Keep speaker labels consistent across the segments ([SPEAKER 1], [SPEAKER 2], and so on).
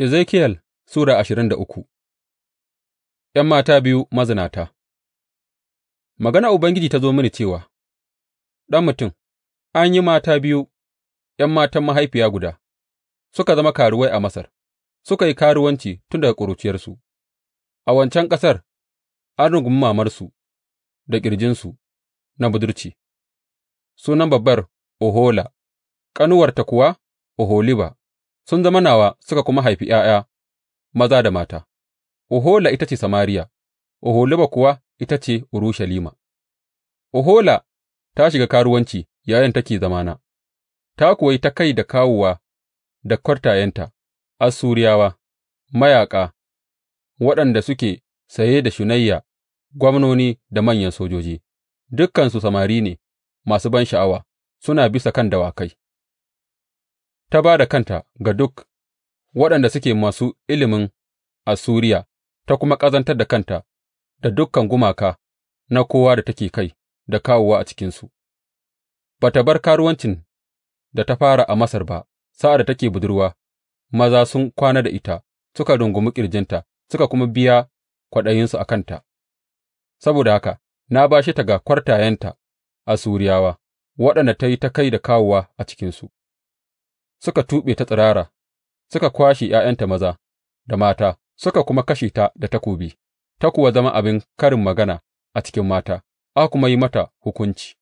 [SPEAKER 1] Ezekiyel Sura ashirin da uku ’Yan mata biyu mazinata Magana Ubangiji ta zo mini cewa, Ɗan mutum, an yi mata biyu, ’yan matan mahaifiya guda, suka zama karuwai a Masar, suka yi karuwanci tun daga ƙuruciyarsu, a wancan ƙasar an rungumi mamarsu da ƙirjinsu na budurci, sunan babbar Ohola, ƙanuwarta kuwa Oholiba. sun zama nawa suka kuma haifi ’ya'ya maza da mata, Ohola ita ce Samariya, Oholiba kuwa ita ce Urushalima. Ohola ta shiga karuwanci yayinda take zamana, ta kuwa yi ta kai da kawowa da kwartayenta, Assuriyawa, mayaƙa, waɗanda suke saye da shunayya, gwamnoni da manyan sojoji, dukansu samari ne masu ban sha'awa, suna bisa kan dawakai. ta ba da kanta ga duk waɗanda suke masu ilimin Assuriya ta kuma ƙazantar da kanta da dukan gumaka na kowa da take kai da kawowa a cikinsu, ba ta bar karuwancin da ta fara a Masar ba sa'ad da take budurwa, maza sun kwana da ita suka rungumi ƙirjinta suka kuma biya kwaɗayinsu a kanta, saboda haka na ba shi ta ga kwartayenta Assuriyawa waɗanda ta yi ta kai da kawowa a cikinsu. suka tuɓe ta tsirara, suka kwashe ’ya'yanta maza da mata, suka kuma kashe ta da takobi, ta kuwa zama abin karin magana a cikin mata, aka kuma yi mata hukunci.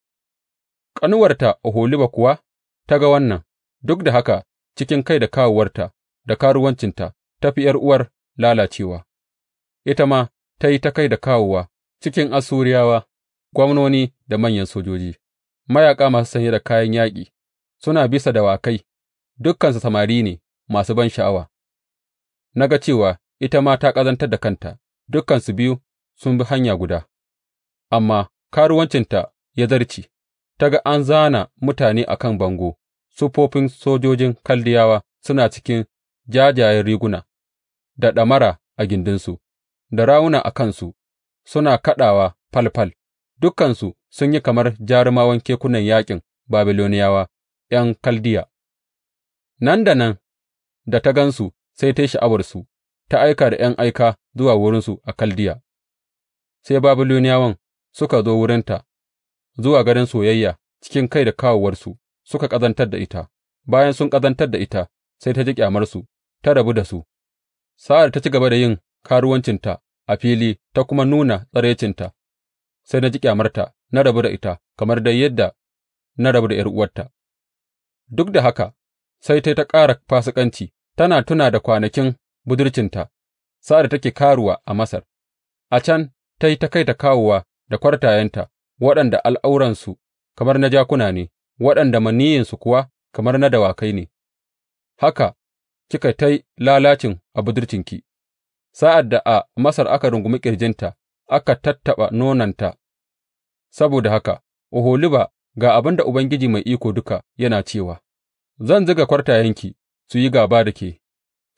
[SPEAKER 1] Ƙanuwarta Oholiba kuwa ta ga wannan, duk da haka cikin kai da kawowarta da karuwancinta ta fi ’yar'uwar lalacewa, ita ma ta yi ta kai da kawowa cikin Assuriyawa, gwamnoni da manyan sojoji, mayaƙa masu sanye da kayan yaƙi, suna bisa dawakai dukansu samari ne masu sha'awa. na ga cewa ita ma ta ƙazantar da kanta, dukansu biyu sun bi hanya guda, amma karuwancinta ya zarce, ta ga an zana mutane a kan bango, siffofin sojojin Kaldiyawa suna cikin jajayen riguna, da ɗamara a gindinsu, da rawuna a kansu, suna kaɗawa falfal, dukansu sun yi kamar jarumawan kekunan yaƙin Babiloniyawa ’yan Kaldiya. nan da nan da ta gan su sai ta yi sha'awarsu ta aika da ’yan aika zuwa wurinsu a Kaldiya, sai Babiloniyawan suka zo wurinta zuwa gadon soyayya cikin kai da kawowarsu suka ƙazantar da ita, bayan sun ƙazantar da ita sai ta ji ƙyamarsu ta rabu da su, sa'ad ta ci gaba da yin karuwancinta a fili ta kuma nuna tsiraicinta, sai na ji ƙyamarta na rabu da ita kamar dai yadda na rabu da ’yar'uwarta. Duk da haka sai ta yi ta ƙara fasikanci, tana tuna da kwanakin budurcinta sa'ad da take karuwa a Masar, a can ta yi ta kai ta kawowa da kwartayenta waɗanda al'auransu kamar na jakuna ne, waɗanda maniyyinsu kuwa kamar na dawakai ne, haka kika ta yi lalacin a budurcinki, sa'ad da a Masar aka rungumi ƙirjinta, aka tattaɓa nonanta, saboda haka, Oholiba ga abin da Ubangiji Mai Iko Duka yana cewa. Zan zuga kwartayenki su yi gāba da ke,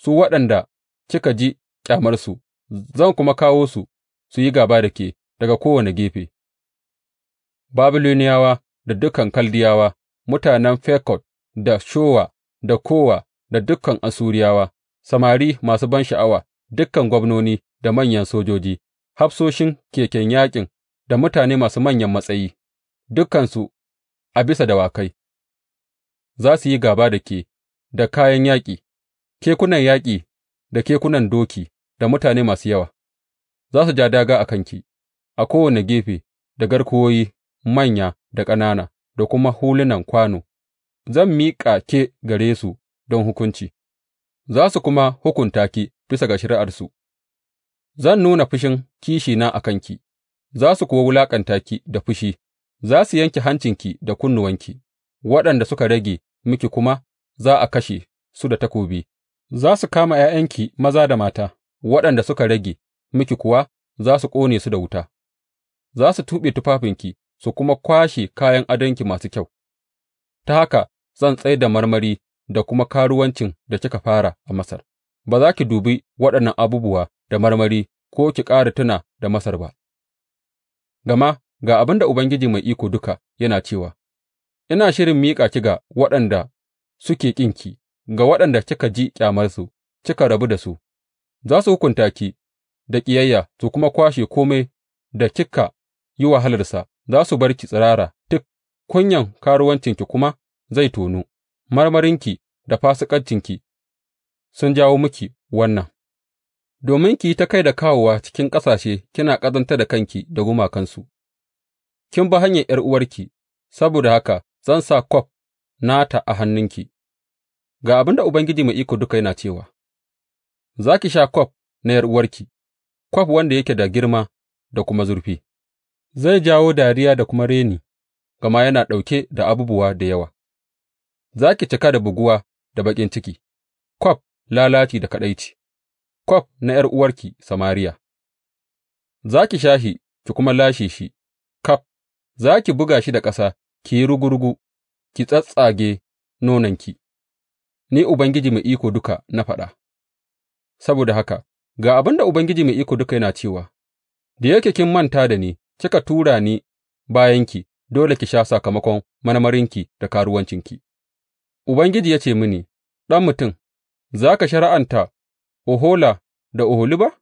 [SPEAKER 1] su waɗanda kika ji ƙyamarsu, zan kuma kawo su su yi gāba da ke daga kowane gefe, Babiloniyawa da dukan Kaldiyawa, mutanen Fekod da Showa da Kowa da dukan Asuriyawa, samari masu ban sha'awa, dukan gwamnoni da manyan sojoji, hafsoshin keken yaƙin da mutane masu manyan matsayi, dukansu a bisa dawakai. za su yi gāba da ke da kayan yaƙi, kekunan yaƙi da kekunan doki da mutane masu yawa, za su ja daga a kanki a kowane gefe da garkuwoyi manya da ƙanana da kuma hulunan kwano, zan miƙa ke gare su don hukunci, za su kuma hukunta ki bisa ga shari'arsu, zan nuna fushin kishina a kanki, za su kuwa wulaƙanta ki da fushi, za su yanke hancinki da kunnuwanki, waɗanda suka rage miki kuma za a kashe su da takobi; za su kama ’ya'yanki maza da mata, waɗanda suka rage miki kuwa za su ƙone su da wuta; za su tuɓe tufafinki su kuma kwashe kayan adonki masu kyau, ta haka zan tsai da marmari da kuma karuwancin da kika fara a Masar; ba za ki dubi waɗannan abubuwa da marmari ko ki ƙara tuna da Masar ba, gama ga abin da Ubangiji Mai Iko Duka yana cewa. Ina shirin miƙa ki ga waɗanda suke ƙinki, ga waɗanda kika ji ƙyamarsu kika rabu da su; za su hukunta ki da ƙiyayya su kuma kwashe kome da kika yi wahalarsa, za su bar ki tsirara tik, kunyan karuwancinki kuma zai tonu, marmarinki da fasikancinki sun jawo miki wannan, domin ki yi ta kai da kawowa cikin ƙasashe kina ƙazantar da kanki da gumakansu, kin bi hanyar ’yar'uwarki, saboda haka zan sa kwaf nata a hannunki, ga abin da Ubangiji Mai Iko Duka yana cewa, Za ki sha kwaf na ’yar'uwarki, kwaf wanda yake da girma da kuma zurfi, zai jawo dariya da kuma reni, gama yana ɗauke da abubuwa da yawa, za ki cika da buguwa da baƙin ciki, kwaf lalaci da kaɗaici, kwaf na ’yar'uwarki Samariya, za ki sha shi ki kuma lashe shi kaf, za ki buga shi da ƙasa ki yi rugu ki tsattsage nononki, Ni Ubangiji Mai Iko Duka na faɗa, saboda haka ga abin da Ubangiji Mai Iko Duka yana cewa, Da yake kin manta da ni kika tura ni bayanki, dole ki sha sakamakon marmarinki da karuwancinki. Ubangiji ya ce mini, Ɗan mutum, za ka shara'anta Ohola da Oholiba?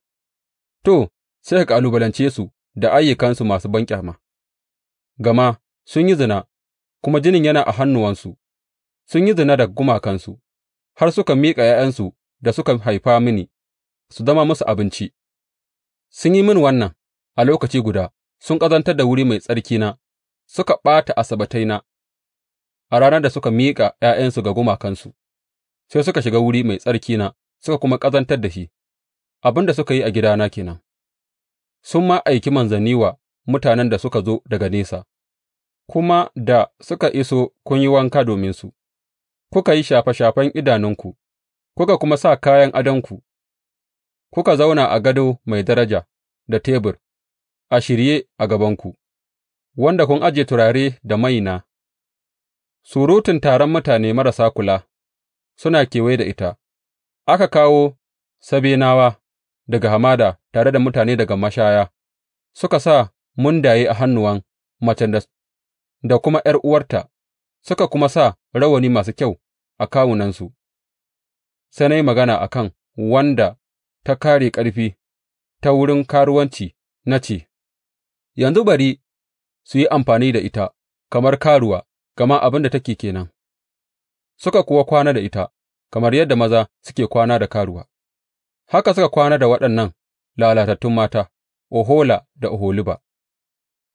[SPEAKER 1] To, sai ka ƙalubalance su da ayyukansu masu banƙyama, gama sun yi zina kuma jinin yana a hannuwansu; sun yi zina da gumakansu har suka miƙa ’ya'yansu da suka haifa mini su zama musu abinci; sun yi mini wannan a lokaci guda sun ƙazantar da wuri mai tsarkina suka ɓata Asabbataina a ranar da suka miƙa ’ya'yansu ga gumakansu, sai suka shiga wuri mai tsarkina suka kuma ƙazantar da shi, abin da suka yi a gidana ke nan, sun ma aiki manzanni wa mutanen da suka zo daga nesa. kuma da suka iso kun yi wanka dominsu, kuka yi shafe shafen idanunku, kuka kuma sa kayan adonku, kuka zauna a gado mai daraja da tebur a shirye a gabanku, wanda kun ajiye turare da maina, surutun taron mutane marasa kula suna kewaye da ita, aka kawo Sabenawa daga hamada tare da mutane daga mashaya, suka sa mundaye a hannuwan macen da da kuma ’yar'uwarta suka kuma sa rawani masu kyau a kawunansu, sai na yi magana a kan wanda ta kare ƙarfi ta wurin karuwanci na ce, Yanzu bari su yi amfani da ita kamar karuwa, gama abin da take kenan. suka kuwa kwana da ita kamar yadda maza suke kwana da karuwa, haka suka kwana da waɗannan lalatattun mata, Ohola da Oholiba,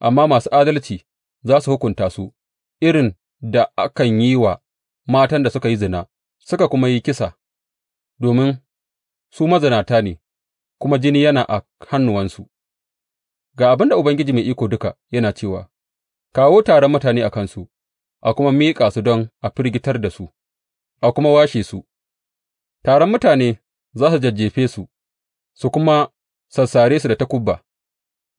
[SPEAKER 1] amma masu adalci za su hukunta su irin da akan yi wa matan da suka yi zina suka kuma yi kisa, domin su mazinata ne kuma jini yana a hannuwansu. Ga abin da Ubangiji Mai Iko Duka yana cewa, Kawo taron mutane a kansu, a kuma miƙa su don a firgitar da su, a kuma washe su, taron mutane za su jajjefe su, su kuma sassare su da takuba,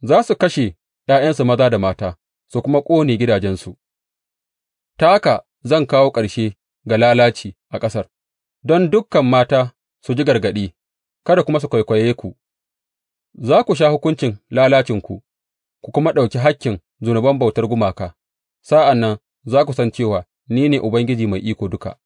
[SPEAKER 1] za su kashe ’ya'yansu maza da mata, su kuma ƙone gidajensu, ta haka zan kawo ƙarshe ga lalaci a ƙasar, don dukan mata su ji gargaɗi, kada kuma su kwaikwaye ku, za ku sha hukuncin lalacinku, ku kuma ɗauki hakkin zunuban bautar gumaka, sa'an nan za ku san cewa ni ne Ubangiji Mai Iko Duka.